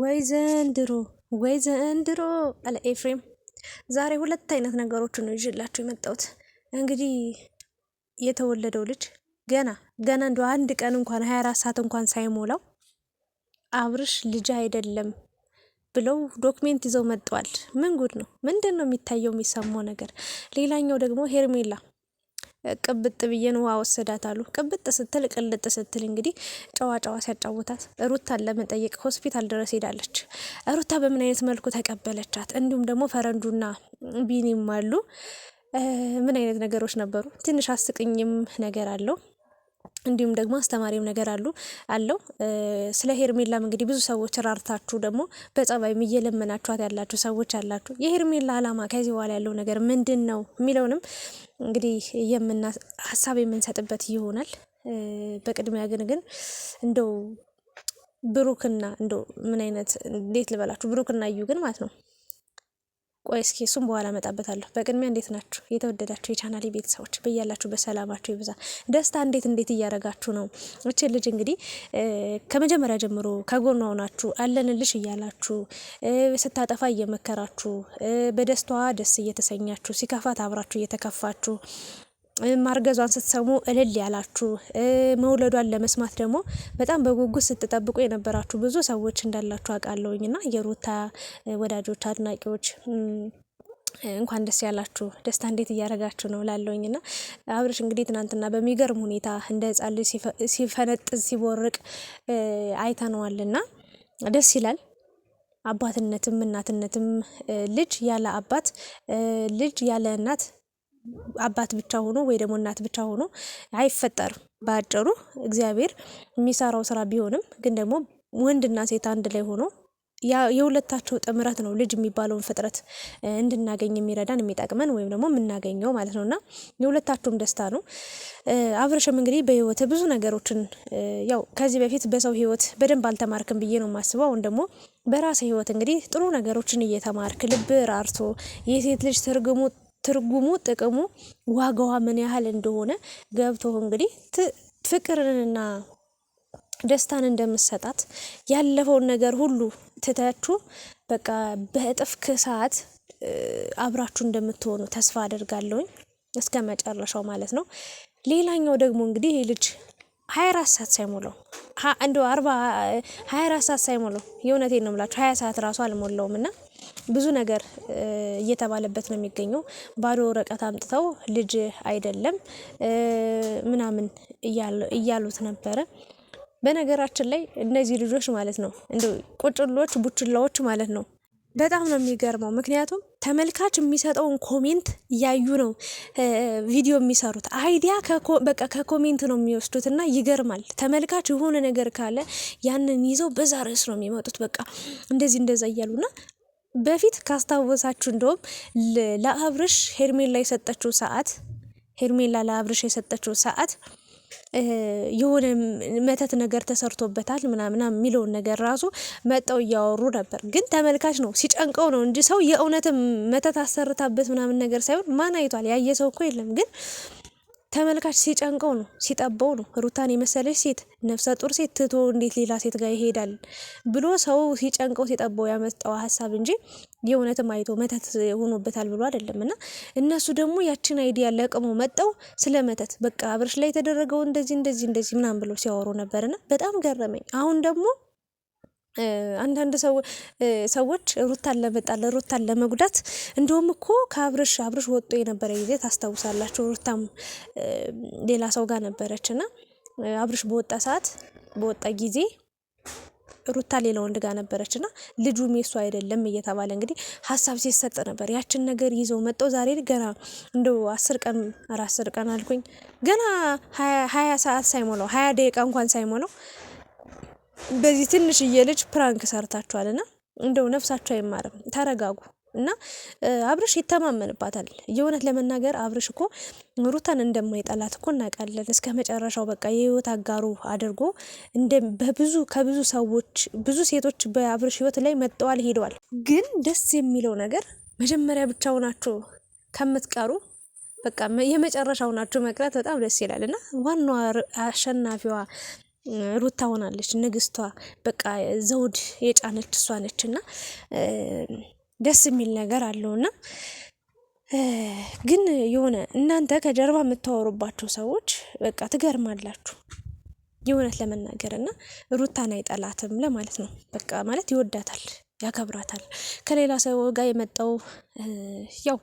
ወይ ዘንድሮ ወይ ዘንድሮ አለ ኤፍሬም። ዛሬ ሁለት አይነት ነገሮችን ነው ይዤላችሁ የመጣሁት። እንግዲህ የተወለደው ልጅ ገና ገና እንደ አንድ ቀን እንኳን 24 ሰዓት እንኳን ሳይሞላው አብርሽ ልጅ አይደለም ብለው ዶክሜንት ይዘው መጥተዋል። ምን ጉድ ነው! ምንድን ነው የሚታየው የሚሰማው ነገር? ሌላኛው ደግሞ ሄርሜላ ቅብጥ ብዬን ውሃ ወሰዳት አሉ። ቅብጥ ስትል ቅልጥ ስትል እንግዲህ ጨዋ ጨዋ ሲያጫውታት ሩታን ለመጠየቅ ሆስፒታል ድረስ ሄዳለች። ሩታ በምን አይነት መልኩ ተቀበለቻት? እንዲሁም ደግሞ ፈረንዱና ቢኒም አሉ ምን አይነት ነገሮች ነበሩ? ትንሽ አስቅኝም ነገር አለው። እንዲሁም ደግሞ አስተማሪም ነገር አሉ አለው። ስለ ሄርሜላም እንግዲህ ብዙ ሰዎች ራርታችሁ ደግሞ በጸባይም እየለመናችኋት ያላችሁ ሰዎች አላችሁ። የሄርሜላ አላማ ከዚህ በኋላ ያለው ነገር ምንድን ነው የሚለውንም እንግዲህ የምና ሀሳብ የምንሰጥበት ይሆናል። በቅድሚያ ግን ግን እንደው ብሩክና እንደው ምን አይነት እንዴት ልበላችሁ ብሩክና እዩ ግን ማለት ነው ቆይ እስኪ እሱም በኋላ እመጣበታለሁ። በቅድሚያ እንዴት ናችሁ የተወደዳችሁ የቻናል ቤተሰቦች? በያላችሁ በሰላማችሁ ይብዛ። ደስታ እንዴት እንዴት እያደረጋችሁ ነው? እች ልጅ እንግዲህ ከመጀመሪያ ጀምሮ ከጎኗ ሆናችሁ አለንልሽ እያላችሁ ስታጠፋ እየመከራችሁ፣ በደስታዋ ደስ እየተሰኛችሁ፣ ሲከፋት አብራችሁ እየተከፋችሁ ማርገዟን ስትሰሙ እልል ያላችሁ፣ መውለዷን ለመስማት ደግሞ በጣም በጉጉት ስትጠብቁ የነበራችሁ ብዙ ሰዎች እንዳላችሁ አውቃለሁኝ እና የሩታ ወዳጆች፣ አድናቂዎች እንኳን ደስ ያላችሁ። ደስታ እንዴት እያደረጋችሁ ነው ላለውኝ ና አብርሽ እንግዲህ ትናንትና በሚገርም ሁኔታ እንደ ሕፃን ልጅ ሲፈነጥዝ ሲቦርቅ ና ደስ ይላል። አባትነትም እናትነትም ልጅ ያለ አባት ልጅ ያለ እናት አባት ብቻ ሆኖ ወይ ደግሞ እናት ብቻ ሆኖ አይፈጠርም። በአጭሩ እግዚአብሔር የሚሰራው ስራ ቢሆንም ግን ደግሞ ወንድና ሴት አንድ ላይ ሆኖ የሁለታቸው ጥምረት ነው ልጅ የሚባለውን ፍጥረት እንድናገኝ የሚረዳን የሚጠቅመን ወይም ደግሞ የምናገኘው ማለት ነው። እና የሁለታቸውም ደስታ ነው። አብርሽም እንግዲህ በህይወት ብዙ ነገሮችን ያው ከዚህ በፊት በሰው ህይወት በደንብ አልተማርክም ብዬ ነው የማስበው። አሁን ደግሞ በራሴ ህይወት እንግዲህ ጥሩ ነገሮችን እየተማርክ ልብ ራርቶ የሴት ልጅ ትርጉሙ ትርጉሙ ጥቅሙ ዋጋዋ ምን ያህል እንደሆነ ገብቶ እንግዲህ ፍቅርንና ደስታን እንደምሰጣት ያለፈውን ነገር ሁሉ ትተቹ በቃ በእጥፍ ክሳት አብራችሁ እንደምትሆኑ ተስፋ አደርጋለሁኝ እስከ መጨረሻው ማለት ነው። ሌላኛው ደግሞ እንግዲህ ይህ ልጅ ሀያ አራት ሰዓት ሳይሞላው እንደ አርባ ሀያ አራት ሰዓት ሳይሞላው የእውነቴን ነው የምላችሁ ሀያ ሰዓት ራሱ አልሞላውም እና ብዙ ነገር እየተባለበት ነው የሚገኘው። ባዶ ወረቀት አምጥተው ልጅ አይደለም ምናምን እያሉት ነበረ። በነገራችን ላይ እነዚህ ልጆች ማለት ነው እንደ ቁጭሎች፣ ቡችላዎች ማለት ነው በጣም ነው የሚገርመው። ምክንያቱም ተመልካች የሚሰጠውን ኮሜንት እያዩ ነው ቪዲዮ የሚሰሩት። አይዲያ በቃ ከኮሜንት ነው የሚወስዱት እና ይገርማል። ተመልካች የሆነ ነገር ካለ ያንን ይዘው በዛ ርዕስ ነው የሚመጡት። በቃ እንደዚህ እንደዛ እያሉና በፊት ካስታወሳችሁ እንደውም ለአብርሽ ሄርሜላ የሰጠችው ሰዓት ሄርሜላ ለአብርሽ የሰጠችው ሰዓት የሆነ መተት ነገር ተሰርቶበታል ምናምና የሚለውን ነገር ራሱ መጠው እያወሩ ነበር። ግን ተመልካች ነው ሲጨንቀው ነው እንጂ ሰው የእውነትም መተት አሰርታበት ምናምን ነገር ሳይሆን ማን አይቷል? ያየ ሰው እኮ የለም ግን ተመልካች ሲጨንቀው ነው ሲጠበው ነው ሩታን የመሰለች ሴት ነፍሰ ጡር ሴት ትቶ እንዴት ሌላ ሴት ጋር ይሄዳል ብሎ ሰው ሲጨንቀው ሲጠበው ያመጣው ሀሳብ እንጂ የእውነትም አይቶ መተት ሆኖበታል ብሎ አይደለም። እና እነሱ ደግሞ ያችን አይዲያ ለቅመው መጠው ስለ መተት በቃ አብርሽ ላይ የተደረገው እንደዚህ እንደዚህ እንደዚህ ምናምን ብሎ ሲያወሩ ነበርና በጣም ገረመኝ። አሁን ደግሞ አንዳንድ ሰዎች ሩታን ለመጣል ሩታን ለመጉዳት እንደውም እኮ ከአብርሽ አብርሽ ወጦ የነበረ ጊዜ ታስታውሳላችሁ። ሩታም ሌላ ሰው ጋር ነበረች እና አብርሽ በወጣ ሰዓት በወጣ ጊዜ ሩታ ሌላ ወንድ ጋር ነበረች እና ልጁ የሱ አይደለም እየተባለ እንግዲህ ሀሳብ ሲሰጥ ነበር። ያችን ነገር ይዘው መጠው ዛሬ ገና እንደው አስር ቀን አስር ቀን አልኩኝ ገና ሀያ ሰዓት ሳይሞላው ሀያ ደቂቃ እንኳን ሳይሞላው በዚህ ትንሽዬ ልጅ ፕራንክ ና እንደው ነፍሳችሁ አይማርም። ተረጋጉ እና አብርሽ ይተማመንባታል። የእውነት ለመናገር አብርሽ እኮ ሩታን እንደማይጠላት እኮ እናውቃለን። እስከ መጨረሻው በቃ የህይወት አጋሩ አድርጎ በብዙ ከብዙ ሰዎች ብዙ ሴቶች በአብርሽ ህይወት ላይ መጠዋል ሄደዋል። ግን ደስ የሚለው ነገር መጀመሪያ ብቻው ናችሁ ከምትቀሩ በቃ የመጨረሻው ናችሁ መቅረት በጣም ደስ ይላል እና ዋናዋ አሸናፊዋ ሩታ ሆናለች ንግስቷ፣ በቃ ዘውድ የጫነች እሷ ነች። እና ደስ የሚል ነገር አለው እና ግን የሆነ እናንተ ከጀርባ የምታወሩባቸው ሰዎች በቃ ትገርማላችሁ። የእውነት ለመናገር እና ሩታን አይጠላትም ለማለት ነው። በቃ ማለት ይወዳታል፣ ያከብራታል። ከሌላ ሰው ጋር የመጣው ያው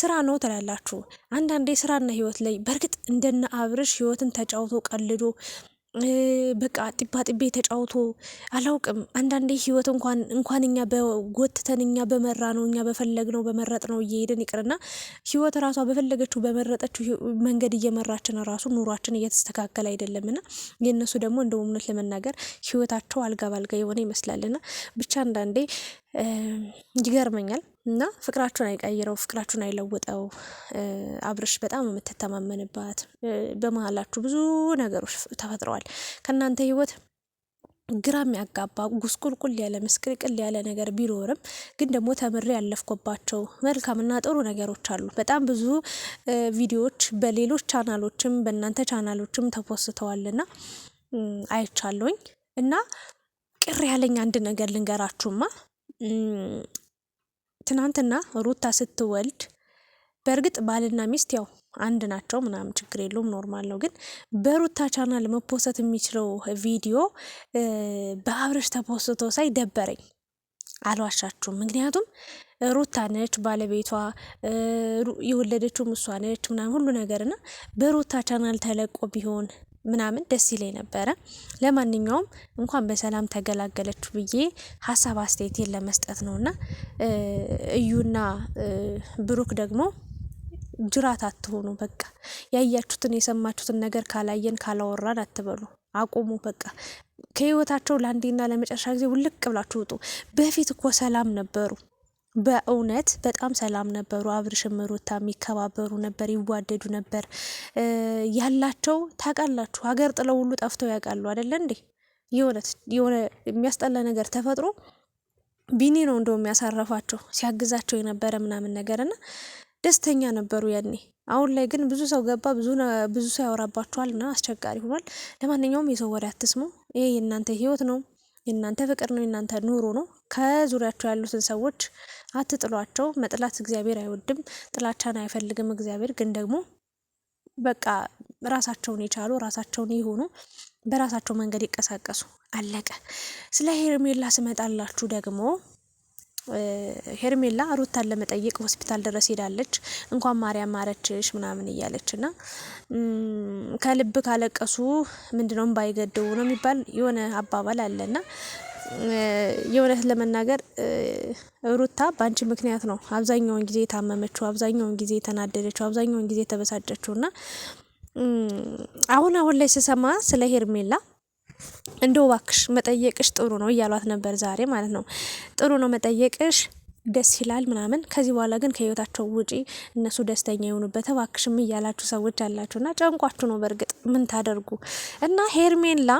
ስራ ነው ትላላችሁ። አንዳንዴ ስራና ህይወት ላይ በእርግጥ እንደነ አብርሽ ህይወትን ተጫውቶ ቀልዶ በቃ ጢባ ጢቤ ተጫውቶ አላውቅም። አንዳንዴ ህይወት እንኳን እንኳን እኛ በጎትተን እኛ በመራ ነው እኛ በፈለግ ነው በመረጥ ነው እየሄድን ይቅርና ህይወት ራሷ በፈለገችው በመረጠችው መንገድ እየመራችን ራሱ ኑሯችን እየተስተካከለ አይደለም። የእነሱ ደግሞ እንደ እውነት ለመናገር ህይወታቸው አልጋ ባልጋ የሆነ ይመስላልና ብቻ አንዳንዴ ይገርመኛል። እና ፍቅራችሁን አይቀይረው፣ ፍቅራችሁን አይለውጠው። አብርሽ በጣም የምትተማመንባት በመሀላችሁ ብዙ ነገሮች ተፈጥረዋል። ከእናንተ ህይወት ግራ የሚያጋባ ጉስቁልቁል ያለ ምስቅልቅል ያለ ነገር ቢኖርም ግን ደግሞ ተምሬ ያለፍኮባቸው መልካምና ጥሩ ነገሮች አሉ። በጣም ብዙ ቪዲዮዎች በሌሎች ቻናሎችም በእናንተ ቻናሎችም ተፖስተዋልና አይቻለሁኝ እና ቅር ያለኝ አንድ ነገር ልንገራችሁማ ትናንትና ሩታ ስትወልድ በእርግጥ ባልና ሚስት ያው አንድ ናቸው ምናምን ችግር የለውም ኖርማል ነው። ግን በሩታ ቻናል መፖሰት የሚችለው ቪዲዮ በአብርሽ ተፖስቶ ሳይ ደበረኝ፣ አልዋሻችሁም። ምክንያቱም ሩታ ነች ባለቤቷ፣ የወለደችውም እሷ ነች ምናምን ሁሉ ነገር በሩታ ቻናል ተለቆ ቢሆን ምናምን ደስ ይለኝ ነበረ። ለማንኛውም እንኳን በሰላም ተገላገለች ብዬ ሀሳብ አስተያየቴን ለመስጠት ነው እና እዩና ብሩክ ደግሞ ጅራት አትሆኑ። በቃ ያያችሁትን የሰማችሁትን ነገር ካላየን ካላወራን አትበሉ። አቁሙ። በቃ ከህይወታቸው ለአንዴና ለመጨረሻ ጊዜ ውልቅ ብላችሁ ውጡ። በፊት እኮ ሰላም ነበሩ። በእውነት በጣም ሰላም ነበሩ። አብርሽም ሩታ የሚከባበሩ ነበር፣ ይዋደዱ ነበር ያላቸው። ታውቃላችሁ ሀገር ጥለው ሁሉ ጠፍተው ያውቃሉ አይደለ እንዴ? የሆነ የሚያስጠላ ነገር ተፈጥሮ ቢኒ ነው እንደው የሚያሳረፋቸው ሲያግዛቸው የነበረ ምናምን ነገር እና ደስተኛ ነበሩ ያኔ። አሁን ላይ ግን ብዙ ሰው ገባ፣ ብዙ ሰው ያወራባቸዋል እና አስቸጋሪ ሆኗል። ለማንኛውም የሰው ወሬ አትስሙ። ይሄ የእናንተ ህይወት ነው። የእናንተ ፍቅር ነው፣ የእናንተ ኑሮ ነው። ከዙሪያቸው ያሉትን ሰዎች አትጥሏቸው። መጥላት እግዚአብሔር አይወድም፣ ጥላቻን አይፈልግም እግዚአብሔር። ግን ደግሞ በቃ ራሳቸውን የቻሉ ራሳቸውን የሆኑ በራሳቸው መንገድ ይቀሳቀሱ። አለቀ። ስለ ሄርሜላ ስመጣላችሁ ደግሞ ሄርሜላ ሩታን ለመጠየቅ ሆስፒታል ድረስ ሄዳለች። እንኳን ማርያም ማረችሽ ምናምን እያለች ና ከልብ ካለቀሱ ምንድነው ባይገደው ነው የሚባል የሆነ አባባል ና የእውነት ለመናገር ሩታ በአንቺ ምክንያት ነው አብዛኛውን ጊዜ የታመመችው፣ አብዛኛውን ጊዜ የተናደደችው፣ አብዛኛውን ጊዜ የተበሳጨችው እና አሁን አሁን ላይ ስሰማ ስለ ሄርሜላ እንደው ዋክሽ መጠየቅሽ ጥሩ ነው እያሏት ነበር ዛሬ ማለት ነው። ጥሩ ነው መጠየቅሽ ደስ ይላል ምናምን፣ ከዚህ በኋላ ግን ከህይወታቸው ውጪ እነሱ ደስተኛ የሆኑበት እባክሽም እያላችሁ ሰዎች አላችሁና ጨንቋችሁ ነው። በእርግጥ ምን ታደርጉ እና ሄርሜላ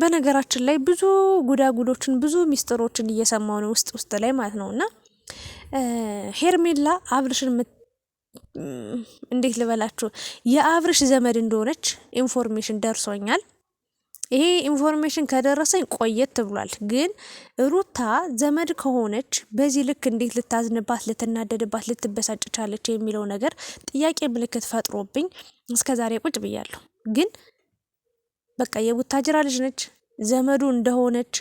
በነገራችን ላይ ብዙ ጉዳጉዶችን ብዙ ሚስጥሮችን እየሰማው ነው ውስጥ ውስጥ ላይ ማለት ነው። እና ሄርሜላ አብርሽን እንዴት ልበላችሁ የአብርሽ ዘመድ እንደሆነች ኢንፎርሜሽን ደርሶኛል። ይሄ ኢንፎርሜሽን ከደረሰኝ ቆየት ብሏል። ግን ሩታ ዘመድ ከሆነች በዚህ ልክ እንዴት ልታዝንባት፣ ልትናደድባት፣ ልትበሳጭ ቻለች የሚለው ነገር ጥያቄ ምልክት ፈጥሮብኝ እስከ ዛሬ ቁጭ ብያለሁ። ግን በቃ የቡታጅራ ልጅ ነች ዘመዱ እንደሆነች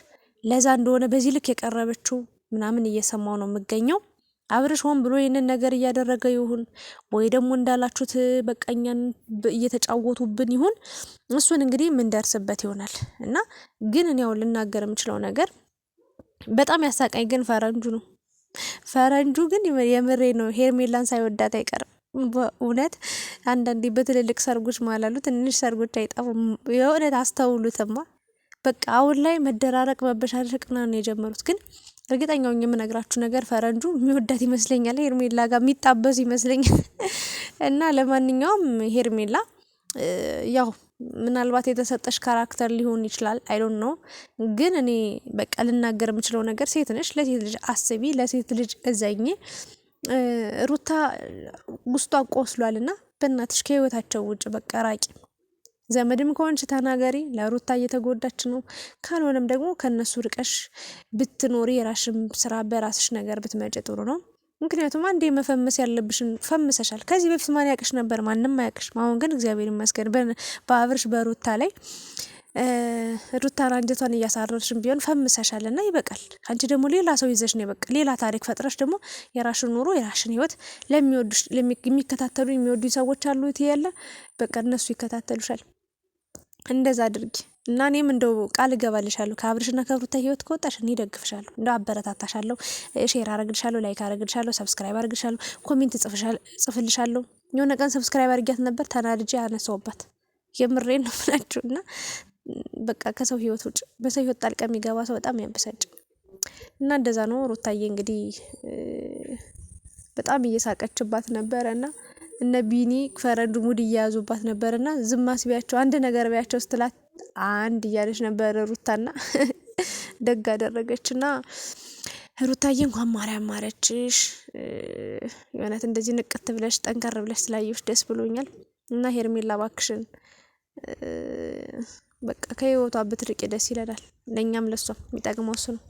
ለዛ እንደሆነ በዚህ ልክ የቀረበችው ምናምን እየሰማው ነው የምገኘው። አብርሽ ሆን ብሎ ይህንን ነገር እያደረገ ይሁን ወይ ደግሞ እንዳላችሁት በቀኛን እየተጫወቱብን ይሁን እሱን እንግዲህ የምንደርስበት ይሆናል እና ግን እኔ ያው ልናገር የምችለው ነገር በጣም ያሳቃኝ ግን ፈረንጁ ነው። ፈረንጁ ግን የምሬ ነው ሄርሜላን ሳይወዳት አይቀርም። በእውነት አንዳንዴ በትልልቅ ሰርጎች ማላሉ ትንሽ ሰርጎች አይጠፉም። የእውነት አስተውሉትማ። በቃ አሁን ላይ መደራረቅ መበሻሸቅ ነው የጀመሩት ግን እርግጠኛውን የምነግራችሁ ነገር ፈረንጁ የሚወዳት ይመስለኛል። ሄርሜላ ጋር የሚጣበሱ ይመስለኛል። እና ለማንኛውም ሄርሜላ ያው ምናልባት የተሰጠሽ ካራክተር ሊሆን ይችላል። አይዶን ነው ግን እኔ በቃ ልናገር የምችለው ነገር ሴት ነሽ፣ ለሴት ልጅ አስቢ፣ ለሴት ልጅ እዘኝ። ሩታ ውስጧ ቆስሏል እና በእናትሽ ከህይወታቸው ውጭ በቃ ራቂ። ዘመድም ከሆንች ተናገሪ። ለሩታ እየተጎዳች ነው። ካልሆነም ደግሞ ከነሱ ርቀሽ ብትኖሪ የራሽን ስራ በራስሽ ነገር ብትመጭ ጥሩ ነው። ምክንያቱም አንዴ መፈመስ ያለብሽን ፈምሰሻል። ከዚህ በፊት ማን ያቅሽ ነበር? ማንም አያቅሽም። አሁን ግን እግዚአብሔር ይመስገን በአብርሽ በሩታ ላይ ሩታን አንጀቷን እያሳረርሽን ቢሆን ፈምሰሻል እና ይበቃል። አንቺ ደግሞ ሌላ ሰው ይዘሽ ነው ይበቃል። ሌላ ታሪክ ፈጥረሽ ደግሞ የራሽን ኑሮ የራሽን ህይወት ለሚወዱሽ የሚከታተሉ የሚወዱ ሰዎች አሉ። ያለ በቃ እነሱ ይከታተሉሻል። እንደዛ አድርጊ እና እኔም እንደው ቃል እገባልሻለሁ ከአብርሽና ከሩታ ህይወት ከወጣሽ እኔ ደግፍሻለሁ፣ እንደው አበረታታሻለሁ፣ ሼር አረግልሻለሁ፣ ላይክ አረግልሻለሁ፣ ሰብስክራይብ አረግልሻለሁ፣ ኮሜንት ጽፍልሻለሁ። የሆነ ቀን ሰብስክራይብ አድርጊያት ነበር ተናድጄ አነሳውባት። የምሬን ነው የምላችሁ። እና በቃ ከሰው ህይወት ውጭ በሰው ህይወት ጣልቃ የሚገባ ሰው በጣም ያበሳጭ እና እንደዛ ነው። ሩታዬ እንግዲህ በጣም እየሳቀችባት ነበረ እና እነ ቢኒ ፈረንዱ ሙድ እያያዙባት ነበርና ዝም አስቢያቸው አንድ ነገር ቢያቸው ስትላት አንድ እያለች ነበር ሩታና ደግ አደረገችና ሩታዬ እንኳን ማርያም ማረችሽ። የእውነት እንደዚህ ንቅት ብለሽ ጠንከር ብለሽ ስላየሽ ደስ ብሎኛል እና ሄርሜላ እባክሽን በቃ ከህይወቷ ብትርቅ ደስ ይለናል። ለእኛም ለሷም የሚጠቅመው እሱ ነው።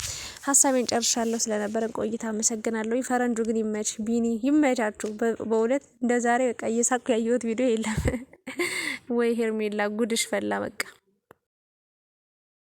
ሀሳቤን ጨርሻለሁ። ስለነበረን ቆይታ አመሰግናለሁ። ፈረንጁ ግን ይመች፣ ቢኒ ይመቻችሁ። በእውነት እንደ ዛሬ በቃ እየሳኩ ያየሁት ቪዲዮ የለም። ወይ ሄርሜላ ጉድሽ ፈላ በቃ